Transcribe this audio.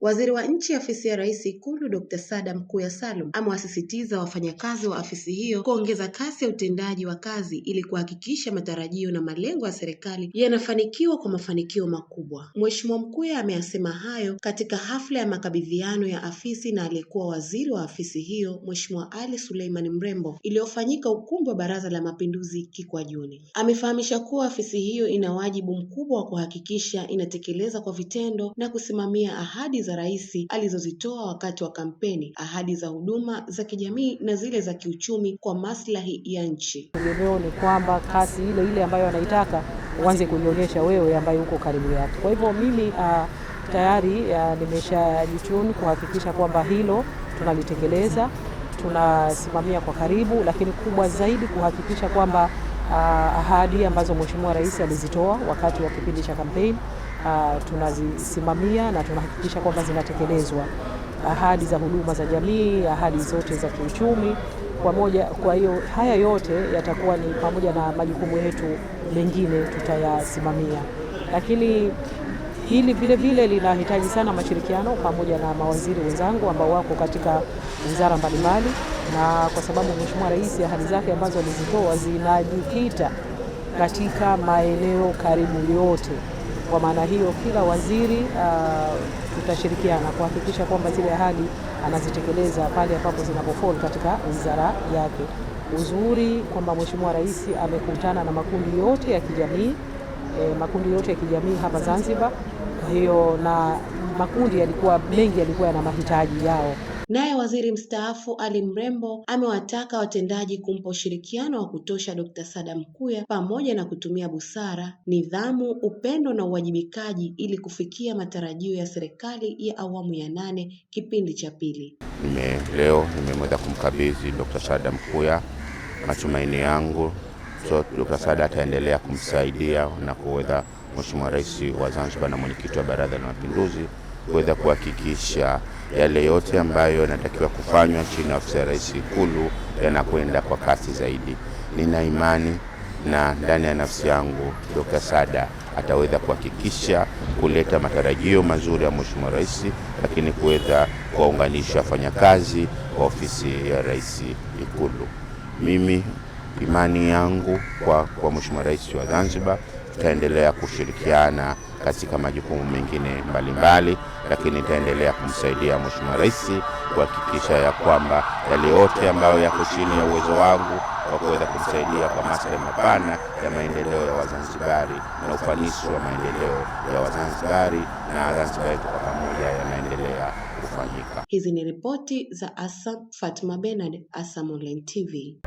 Waziri wa Nchi, afisi ya Rais, Ikulu, Dkt. Saada Mkuya Salum amewasisitiza wafanyakazi wa afisi hiyo kuongeza kasi ya utendaji wa kazi ili kuhakikisha matarajio na malengo ya serikali yanafanikiwa kwa mafanikio makubwa. Mheshimiwa Mkuya ameyasema hayo katika hafla ya makabidhiano ya afisi na aliyekuwa waziri wa afisi hiyo Mheshimiwa Ali Suleiman Mrembo iliyofanyika ukumbi wa Baraza la Mapinduzi Kikwajuni. Amefahamisha kuwa afisi hiyo ina wajibu mkubwa wa kuhakikisha inatekeleza kwa vitendo na kusimamia ahadi za za rais alizozitoa wakati wa kampeni, ahadi za huduma za kijamii na zile za kiuchumi kwa maslahi ya nchi. Tegemeo ni kwamba kasi ile ile ambayo anaitaka uanze kuionyesha wewe ambayo uko karibu yake. Kwa hivyo mimi uh, tayari uh, ah, nimeshajichuni kuhakikisha kwamba hilo tunalitekeleza, tunasimamia kwa karibu, lakini kubwa zaidi kuhakikisha kwamba uh, ahadi ambazo Mheshimiwa Rais alizitoa wakati wa kipindi cha kampeni uh, ah, tunazisimamia na tunahakikisha kwamba zinatekelezwa ahadi za huduma za jamii, ahadi zote za kiuchumi moja. Kwa hiyo haya yote yatakuwa ni pamoja na majukumu yetu mengine tutayasimamia, lakini Hili vile vile linahitaji sana mashirikiano pamoja na mawaziri wenzangu ambao wako katika wizara mbalimbali, na kwa sababu Mheshimiwa Rais ahadi zake ambazo alizitoa zinajikita katika maeneo karibu yote. Kwa maana hiyo, kila waziri uh, tutashirikiana kuhakikisha kwamba zile ahadi anazitekeleza pale ambapo zinapofall katika wizara yake. Uzuri kwamba Mheshimiwa Rais amekutana na makundi yote ya kijamii e, makundi yote ya kijamii hapa Zanzibar. Kwa hiyo na makundi yalikuwa mengi, yalikuwa yana mahitaji yao. Naye waziri mstaafu Ali Mrembo amewataka watendaji kumpa ushirikiano wa kutosha Dkt. Sada Mkuya pamoja na kutumia busara, nidhamu, upendo na uwajibikaji ili kufikia matarajio ya serikali ya awamu ya nane kipindi cha pili. Nime leo nimeweza kumkabidhi Dkt. Sada Mkuya matumaini yangu so Dr. Saad ataendelea kumsaidia na kuweza Mheshimiwa Rais wa Zanzibar na mwenyekiti wa Baraza la Mapinduzi kuweza kuhakikisha yale yote ambayo yanatakiwa kufanywa chini ya ofisi ya Rais Ikulu yanakwenda kwa kasi zaidi. Nina imani na ndani ya nafsi yangu Dr. sada ataweza kuhakikisha kuleta matarajio mazuri ya Mheshimiwa Rais, lakini kuweza kuwaunganisha wafanyakazi wa ofisi ya Rais Ikulu. Mimi Imani yangu kwa, kwa Mheshimiwa Rais wa Zanzibar, tutaendelea kushirikiana katika majukumu mengine mbalimbali, lakini itaendelea kumsaidia Mheshimiwa Rais kuhakikisha ya kwamba yale yote ambayo yako chini ya uwezo wangu wa kuweza kumsaidia kwa maslahi mapana ya maendeleo ya Wazanzibari na ufanisi wa maendeleo ya Wazanzibari na Zanzibar yetu kwa pamoja yanaendelea kufanyika. Hizi ni ripoti za Asam. Fatma benad Asam Online TV.